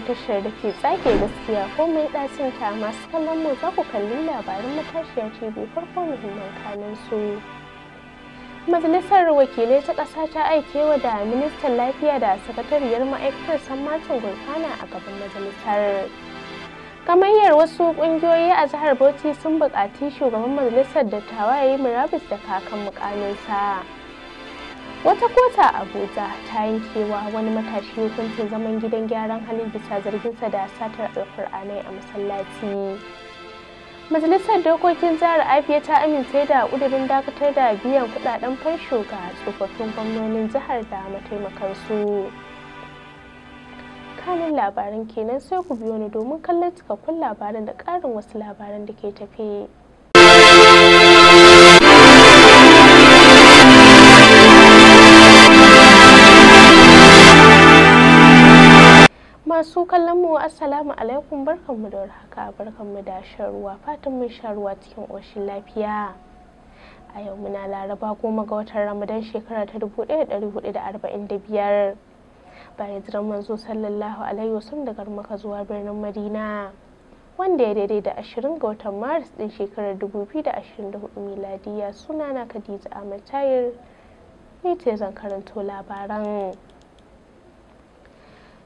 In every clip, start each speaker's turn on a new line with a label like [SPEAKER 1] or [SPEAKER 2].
[SPEAKER 1] tashar tashar da ke tsage gaskiya komai ɗacin ta masu kallon mu za ku kalli labarin matashiya tv farko muhimman kanin su majalisar wakilai ta ƙasa ta aikewa da ministan lafiya da sakatariyar ma'aikatar san martin gurfana a gaban majalisar kamayyar wasu ƙungiyoyi a jihar bauchi sun buƙaci shugaban majalisar dattawa ya yi murabus da kakan mukaminsa. wata kota a abuja ta yankewa wani matashi hukuncin zaman gidan gyaran halin bisa zarginsa da satar alkur'anai a masallaci majalisar dokokin jihar afiya ta amince da ƙudurin dakatar da biyan kudaden fansho ga tsofaffin gwamnonin jihar da mataimakan su. kanin labaran kenan sai ku biyo ni domin kallon cikakkun labaran da ƙarin wasu labaran da ke tafe. masu kallon mu assalamu alaikum barkanmu da warhaka barkanmu da sharuwa fatan mun sharuwa cikin ƙoshin lafiya a yau muna laraba goma ga watan ramadan shekara ta 1445 bayan jiran manzo sallallahu alaihi wasallam daga maka zuwa birnin madina wanda ya daidai da 20 ga watan maris din shekarar 2024 miladiya sunana khadija ahmad tayir ni ce zan karanto labaran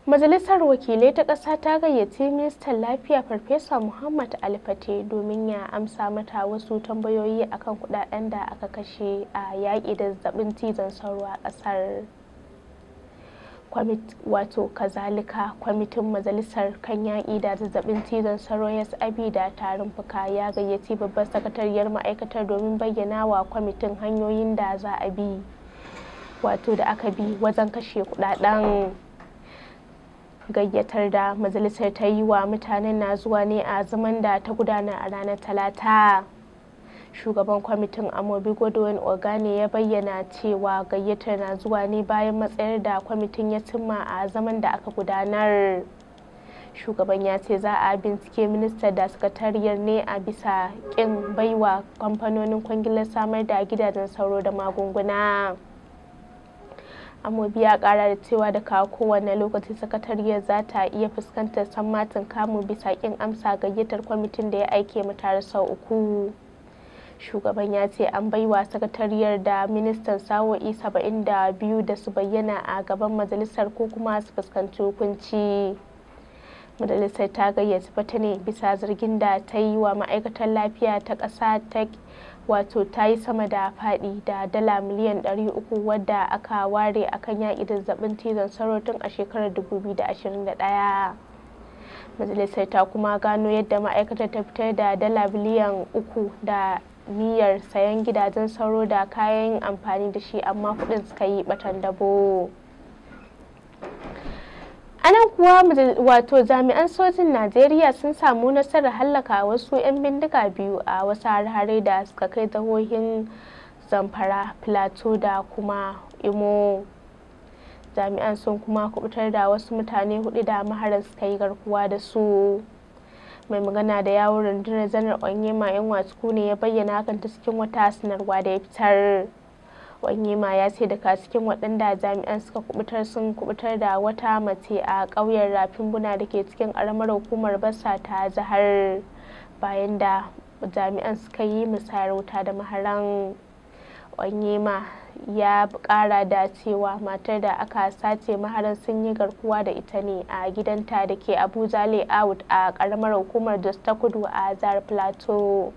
[SPEAKER 1] Majalisar Wakilai ta ƙasa ta gayyaci Ministan Lafiya Farfesa Muhammad Alfate domin ya amsa mata wasu tambayoyi akan kudaden da aka kashe a yaƙi da zazzabin cizon sauro a ƙasar. wato kazalika kwamitin majalisar kan yaƙi da zazzabin cizon sauro abi da tarin fuka ya gayyaci babban sakatariyar ma'aikatar domin bayyana wa kwamitin hanyoyin da za a bi wato da aka bi wajen kashe kuɗaɗen gayyatar da majalisar ta yi wa mutanen na zuwa ne a zaman da ta gudana a ranar talata shugaban kwamitin amobi godwin ogane ya bayyana cewa gayyatar na zuwa ne bayan matsayar da kwamitin ya cimma a zaman da aka gudanar shugaban ya ce za a bincike minista da sakatariyar ne a bisa kin baiwa kamfanonin kwangilar samar da gidajen sauro da magunguna amobi ya kara da cewa da kowane lokaci sakatariyar za ta iya fuskantar sammatin kamu bisa kin amsa gayyatar kwamitin da ya aike mu tare sau uku shugaban ya ce an baiwa sakatariyar da ministan sawo'i saba'in da da su bayyana a gaban majalisar ko kuma su fuskanci hukunci majalisar ta gayyaci fata ne bisa zargin da ta yi wa ma'aikatar lafiya ta ƙasa ta wato ta yi sama da faɗi da dala miliyan 300 wadda aka ware akan yaƙi da cizon sauro tun a shekarar 2021 majalisar ta kuma gano yadda ma'aikatar ta fitar da dala biliyan uku da niyyar sayan gidajen sauro da kayan amfani da shi amma kudin suka yi batan dabo. anan kuwa wato jami'an sojin najeriya sun samu nasarar hallaka wasu 'yan bindiga biyu a wasu har da suka kai tahohin zamfara plateau da kuma imo jami'an sun kuma kubutar da wasu mutane hudu da maharan suka yi garkuwa da su mai magana da yawon rundunar zanar onyema yan wasu ne ya bayyana hakan ta cikin wata sanarwa da ya fitar ma ya ce daga cikin waɗanda jami'an suka kubutar sun kubutar da wata mace a ƙauyen rafin buna da ke cikin ƙaramar hukumar basa ta jihar bayan da jami'an suka yi musayar wuta da maharan ma ya ƙara da cewa matar da aka sace maharan sun yi garkuwa da ita ne a gidanta da ke abuja layout a ƙaramar hukumar jos ta kudu a jihar plateau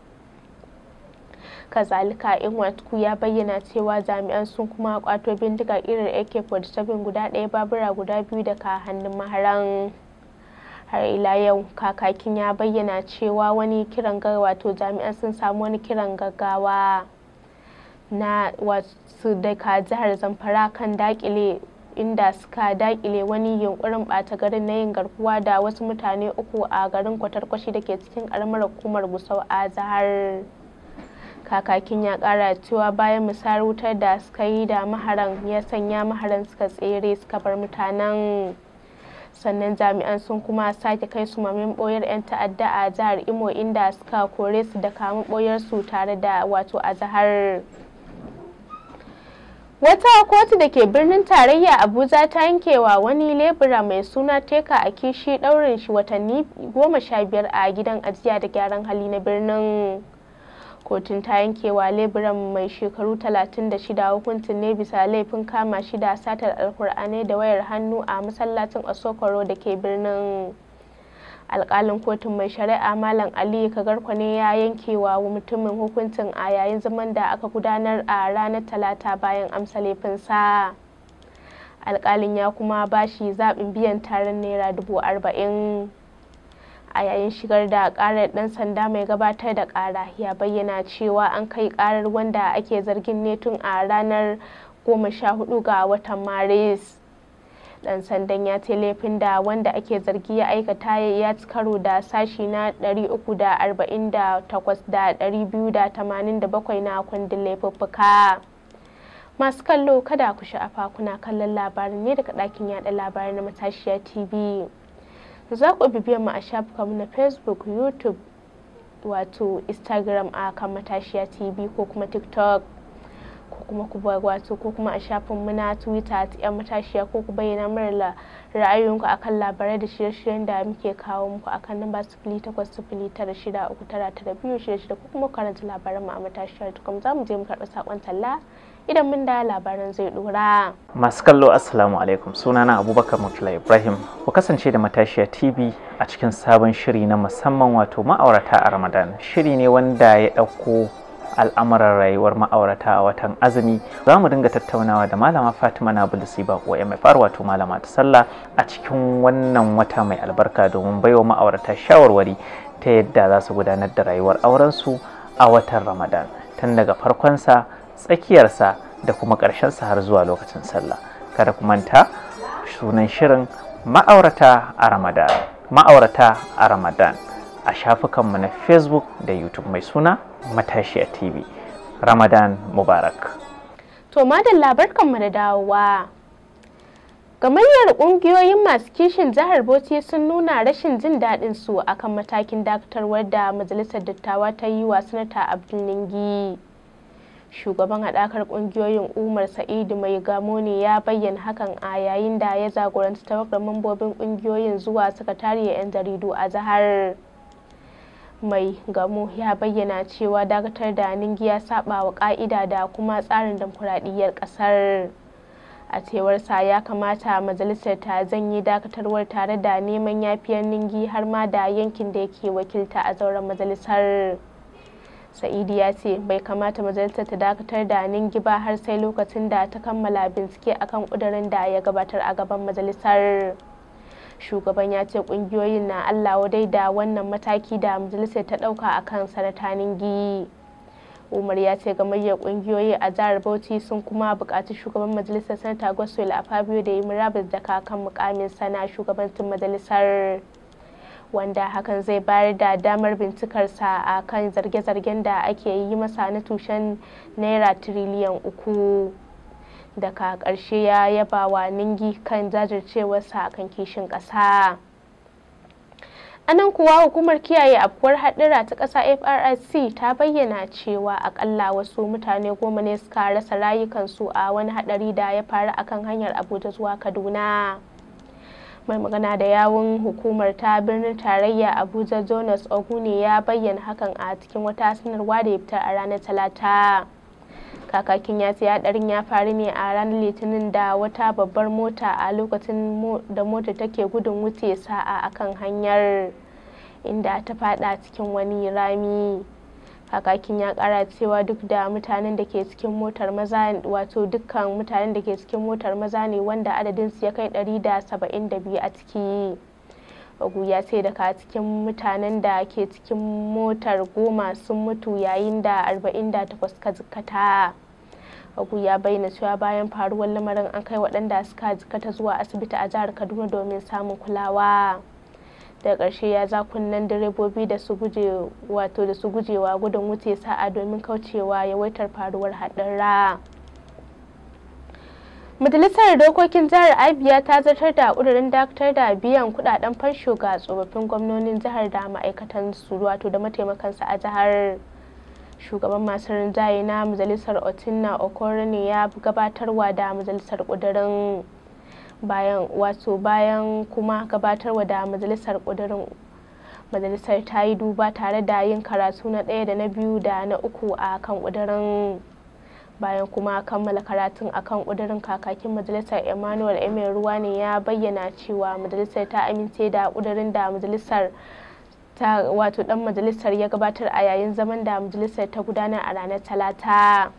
[SPEAKER 1] kazalika watku ya bayyana cewa jami'an sun kuma kwato bindiga irin ak-47 guda ɗaya babura guda biyu daga hannun maharan har ila yau kakakin ya bayyana cewa wani kiran gaggawa to jami'an sun samu wani kiran gaggawa na wasu daga jihar zamfara kan dakile inda suka dakile wani yunkurin bata garin na yin garkuwa da wasu mutane uku a garin kwatarkwashi da ke cikin karamar hukumar gusau a jihar kakakin ya kara cewa bayan musayar wutar da suka yi da maharan ya sanya maharan suka tsere suka bar mutanen sannan jami'an sun kuma sake kai su mamin boyar 'yan ta'adda a jihar imo inda suka kore su da kamu boyar su tare da wato a jihar wata kotu da ke birnin tarayya abuja ta yankewa wani lebura mai suna teka a kishi daurin shi watanni goma sha biyar a gidan ajiya da gyaran hali na birnin kotun ta yankewa leburan mai shekaru 36 hukuncin ne bisa laifin kama shida satar alkur'ani da wayar hannu a masallacin asokoro da ke birnin alkalin kotun mai shari'a malam aliyu kagarkwa ne ya yankewa mutumin hukuncin a yayin zaman da aka gudanar a ranar talata bayan amsa laifinsa alkalin ya kuma bashi zaɓin biyan tarin naira dubu arba'in a yayin shigar da karar dan sanda mai gabatar da kara ya bayyana cewa an kai karar wanda ake zargin ne tun a ranar goma sha hudu ga watan maris dan sandan ya ce laifin da wanda ake zargi ya aikata ya ci karo da sashi na 348 da na kundin laifuffuka masu kallo kada ku sha'afa kuna kallon labarin ne daga ɗakin yada labarai na matashiya tv za ku bibiya mu a shafukan na facebook youtube wato instagram a kan matashiya tv ko kuma tiktok ku kuma ku wato ko kuma a shafin muna na twitter ta yan matashiya ko ku bayyana mana ra'ayoyinku akan labarai da shirye-shiryen da muke kawo muku akan namba sifili takwas sifili tara shida uku tara tara biyu shida shida ko kuma karanta labaran mu a matashiyar tukam za mu je mu karɓi saƙon talla idan mun da labaran zai dora. Masu kallo Assalamu alaikum sunana Abubakar Mutula Ibrahim ku kasance da matashiya TV a cikin sabon shiri na musamman wato ma'aurata a Ramadan shiri ne wanda ya ɗauko al'amuran rayuwar ma'aurata a watan azumi za mu dinga tattaunawa da malama fatima na bulisi mai mfr wato malama ta sallah a cikin wannan wata mai albarka domin baiwa ma'aurata shawarwari ta yadda za su gudanar da rayuwar aurensu a watan ramadan tun daga farkonsa tsakiyarsa da kuma ƙarshensa har zuwa lokacin sallah kada ku manta sunan shirin ma'aurata a ramadan ma'aurata a ramadan a shafukanmu na facebook da youtube mai suna matashiya tv ramadan mubarak to madalla barkanmu da dawowa gamayyar kungiyoyin masu kishin jihar bauchi sun nuna rashin jin daɗin su akan matakin dakatarwar da majalisar dattawa ta yi wa sanata abdullingi shugaban haɗakar ƙungiyoyin umar sa'idu mai gamo ne ya bayyana hakan a yayin da ya zagoranta tawagar mambobin ƙungiyoyin zuwa sakatariyar 'yan jaridu a jihar. mai gamo ya bayyana cewa dakatar da ningiya saba wa ka'ida da kuma tsarin demokuraɗiyyar ƙasar a cewarsa ya kamata majalisar ta zanyi dakatarwar tare da neman yafiyar ningi har ma da yankin da yake wakilta a zauren majalisar sa'idi ya ce bai kamata majalisar ta dakatar da ningi ba har sai lokacin da ta kammala bincike akan kudurin da ya gabatar a gaban majalisar shugaban ya ce kungiyoyin na allah wadai da wannan mataki da majalisa ta dauka a kan sanatanin giyi umar ya ce gamayyar kungiyoyi a jihar bauchi sun kuma bukaci shugaban majalisar sanata goswell a fabio da yi murabus da kakan mukamin sana shugabancin majalisar wanda hakan zai bayar da damar bincikarsa a kan zarge-zargen da ake yi masa na tushen naira tiriliyan uku daga ƙarshe ya yaba wa ningi kan jajircewarsa kan kishin ƙasa anan kuwa hukumar kiyaye afkuwar haɗura ta ƙasa frc ta bayyana cewa akalla wasu mutane goma ne suka rasa rayukansu a wani haɗari da ya faru akan hanyar abuja zuwa kaduna mai magana da yawun hukumar ta birnin tarayya abuja jonas ogune ya bayyana hakan a cikin wata sanarwa da ya fitar a ranar talata kakakin ya ce hadarin ya faru ne a ranar litinin da wata babbar mota a lokacin da mota take gudun wuce sa'a akan hanyar inda ta fada cikin wani rami kakakin ya kara cewa duk da mutanen da ke cikin motar maza wato dukkan mutanen da ke cikin motar maza ne wanda adadin su ya kai 172 a ciki ogu ya ce daga cikin mutanen da ke cikin motar goma sun mutu yayin da 48 ka jikata agu ya bayyana cewa bayan faruwar lamarin an kai waɗanda suka jikata zuwa asibiti a jihar kaduna domin samun kulawa da ƙarshe ya za kunnen direbobi da su guje wato da su gujewa gudun wuce sa'a domin kaucewa yawaitar faruwar haɗarra majalisar dokokin jihar abia ta zartar da ƙudurin daktar da biyan kuɗaɗen fansho ga tsofaffin gwamnonin jihar da ma'aikatan su wato da mataimakansa a jihar shugaban masu rinjaye na majalisar otinna okoro ne ya gabatarwa da majalisar kudurin bayan wato bayan kuma gabatarwa da majalisar kudurin majalisar ta yi duba tare da yin karatu na ɗaya da na biyu da na uku a kan kudurin bayan kuma kammala karatun kan kudurin kakakin majalisar emmanuel ruwa ne ya bayyana cewa majalisar ta amince da kudurin da majalisar ta wato dan majalisar ya gabatar a yayin zaman da majalisar ta gudanar a ranar talata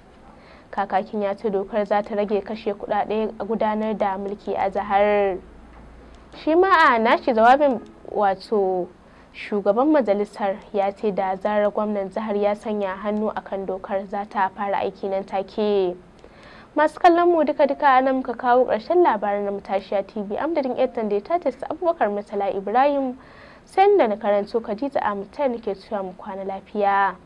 [SPEAKER 1] kakakin ya ce dokar za ta rage kashe kudade a gudanar da mulki a jihar shi ma a nashi jawabin wato shugaban majalisar ya ce da zarar gwamnan jihar ya sanya hannu akan dokar za ta fara aiki nan take masu kallon mu duka duka ana muka kawo ƙarshen labarin na matashiya tv amdadin yadda da ta abubakar mutala ibrahim sai da na karanto Khadija Amtar nake cewa mu kwana lafiya